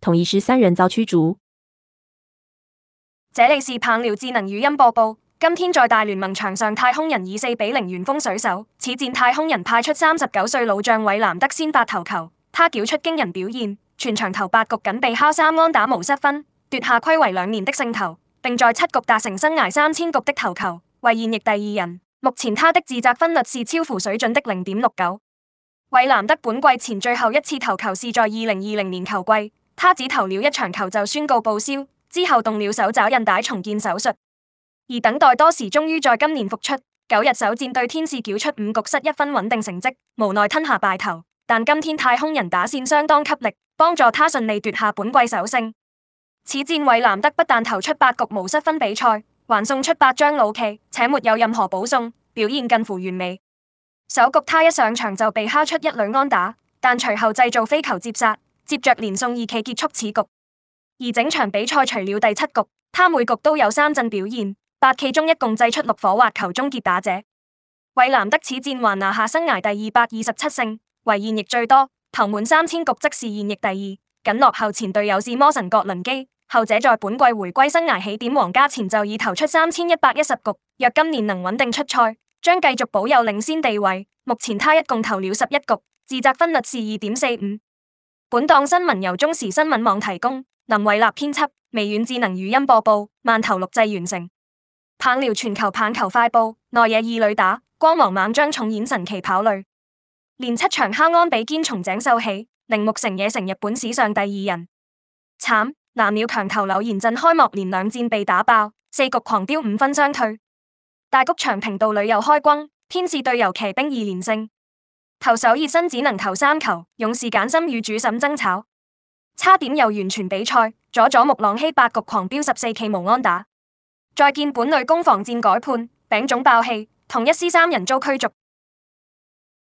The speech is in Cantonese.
同意時，三人遭驅逐。這裏是棒聊智能語音播報。今天在大聯盟場上，太空人以四比零完封水手。此戰太空人派出三十九歲老將韋藍德先發投球，他繳出驚人表現，全場投八局僅被敲三安打無失分，奪下暌違兩年的勝投，並在七局達成生涯三千局的投球，為現役第二人。目前他的自責分率是超乎水準的零點六九。韋藍德本季前最後一次投球是在二零二零年球季。他只投了一場球就宣告報銷，之後動了手找韌帶重建手術，而等待多時，終於在今年復出。九日首戰對天使繳出五局失一分穩定成績，無奈吞下敗投，但今天太空人打線相當給力，幫助他順利奪下本季首勝。此戰韋藍德不但投出八局無失分比賽，還送出八張老騎，且沒有任何保送，表現近乎完美。首局他一上場就被敲出一壘安打，但隨後製造飛球接殺。接着連送二期結束此局，而整場比賽除了第七局，他每局都有三振表現，八期中一共製出六火滑球終結打者。韋藍德此戰還拿下生涯第二百二十七勝，為現役最多，投滿三千局則是現役第二，僅落後前隊友是魔神葛倫基。後者在本季回歸生涯起點皇家前就已投出三千一百一十局，若今年能穩定出賽，將繼續保有領先地位。目前他一共投了十一局，自責分率是二點四五。本檔新聞由中時新聞網提供，林偉立編輯，微軟智能語音播報，慢頭錄製完成。棒聊全球棒球快報：內野二壘打，光芒猛將重演神奇跑壘，連七場敲安比肩松井秀喜，鈴木誠也成日本史上第二人。慘，藍鳥強投柳賢振開幕連兩戰被打爆，四局狂飆五分相退。大谷翔平到旅遊開轟，天使隊友騎兵二連勝。投手熱身只能投三球，勇士簡森與主審爭吵，差點又完全比賽。佐佐木朗希八局狂飆十四 K 無安打，再見本壘攻防戰改判餅總爆氣，同一師三人遭驅逐。